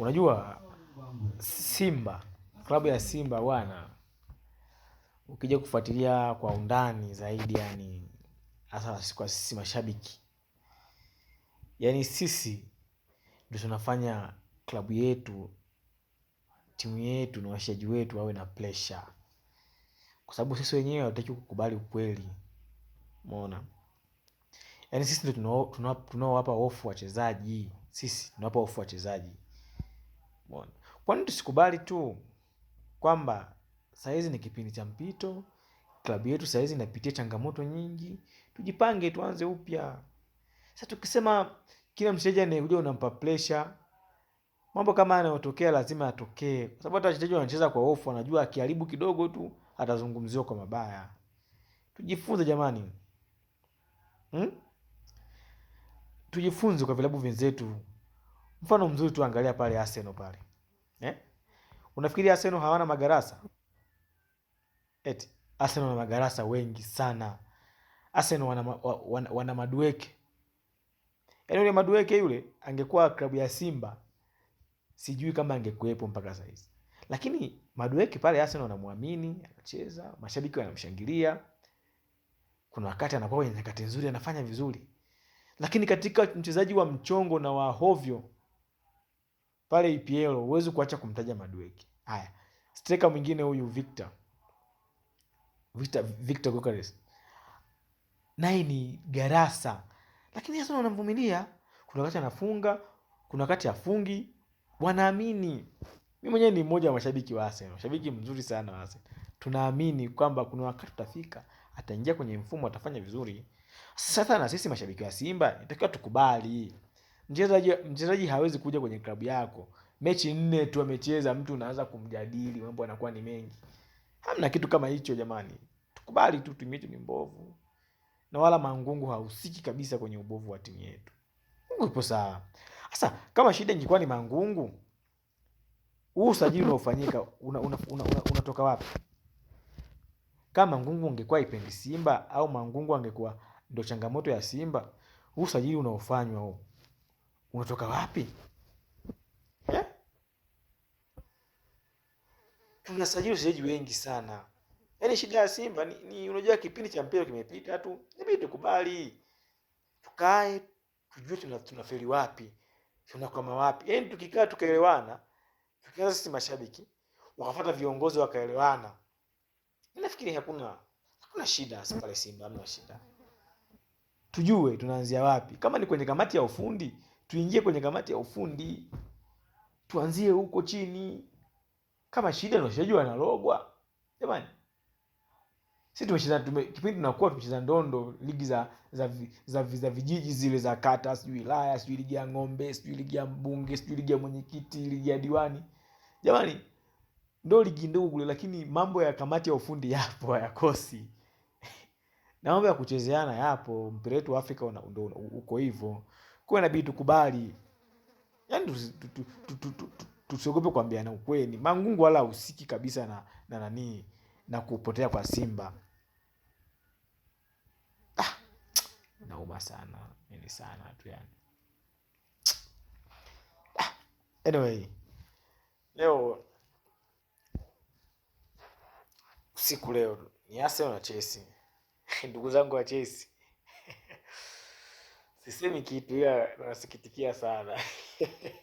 Unajua Simba, klabu ya Simba bwana, ukija kufuatilia kwa undani zaidi, yani hasa kwa sisi mashabiki, yani sisi ndio tunafanya klabu yetu, timu yetu na washaji wetu wawe na pressure, kwa sababu sisi wenyewe hatutaki kukubali ukweli. Umeona, yani sisi ndio tunaowapa hofu wachezaji, sisi tunawapa hofu wachezaji Mbona kwa nini tusikubali tu kwamba sahizi ni kipindi cha mpito, klabu yetu sahizi inapitia changamoto nyingi, tujipange, tuanze upya. Sasa tukisema kila mchezaji anayekuja unampa pressure, mambo kama yanayotokea lazima yatokee, kwa sababu hata wachezaji wanacheza kwa hofu, wanajua akiharibu kidogo tu atazungumziwa kwa mabaya. Tujifunze jamani, hmm? Tujifunze kwa vilabu vyenzetu. Mfano mzuri tu angalia pale Arsenal pale. Eh? Unafikiri Arsenal hawana magarasa? Eti Arsenal wana magarasa wengi sana. Arsenal wana, wana, wana Madueke. Yaani yule Madueke yule angekuwa klabu ya Simba sijui kama angekuwepo mpaka sasa hizi. Lakini Madueke pale Arsenal anamwamini, anacheza, mashabiki wanamshangilia. Kuna wakati anakuwa kwenye nyakati nzuri, anafanya vizuri. Lakini katika mchezaji wa mchongo na wa hovyo pale EPL huwezi kuacha kumtaja Madueke. Haya, striker mwingine huyu Victor Victor Victor Gokares naye ni garasa, lakini Arsenal wanamvumilia. Kuna wakati anafunga, kuna wakati afungi, wanaamini. Mimi mwenyewe ni mmoja wa mashabiki wa Arsenal, mashabiki mzuri sana wa Arsenal. Tunaamini kwamba kuna wakati tutafika, ataingia kwenye mfumo, atafanya vizuri. Sasa na sisi mashabiki wa Simba inatakiwa tukubali mchezaji mchezaji hawezi kuja kwenye klabu yako mechi nne tu amecheza, mtu unaanza kumjadili, mambo yanakuwa ni mengi. Hamna kitu kama hicho jamani, tukubali tu timu yetu ni mbovu, na wala Mangungu hahusiki kabisa kwenye ubovu wa timu yetu. Mungu ipo sawa. Sasa kama shida ingekuwa ni Mangungu, huu usajili unaofanyika unatoka una, una, una, una wapi? Kama Mangungu angekuwa ipendi Simba au Mangungu angekuwa ndo changamoto ya Simba, huu usajili unaofanywa huu unatoka wapi eh? Tunasajili wachezaji wengi sana, yaani shida ya Simba ni, ni unajua kipindi cha mpira kimepita tu, inabidi tukubali, tukae tujue tuna, tunafeli wapi tunakwama wapi, yaani tukikaa tukaelewana, tukianza sisi mashabiki wakafuata viongozi wakaelewana, nafikiri hakuna hakuna shida pale Simba, hamna shida. Tujue tunaanzia wapi, kama ni kwenye kamati ya ufundi tuingie kwenye kamati ya ufundi, tuanzie huko chini. Kama shida ndio shajua analogwa, jamani, sisi tumeshinda tume, kipindi tunakuwa tumecheza ndondo ligi za za, za, za, za vijiji zile za kata, sijui wilaya, sijui ligi ya ng'ombe, sijui ligi ya mbunge, sijui ligi ya mwenyekiti, ligi ya diwani. Jamani, ndo ligi ndogo kule, lakini mambo ya kamati ya ufundi yapo hayakosi na mambo ya kuchezeana yapo. Mpira wetu wa Afrika ndo uko hivyo. Kwa inabidi tukubali, yaani tusiogope na ukweli. Mangungu wala usiki kabisa na na nani na kupotea kwa Simba. Ah, nauma sana mimi sana tu yani. Ah, anyway leo siku leo ni Arsenal na Chelsea ndugu zangu wa Chelsea Sisemi kitu ila nasikitikia sana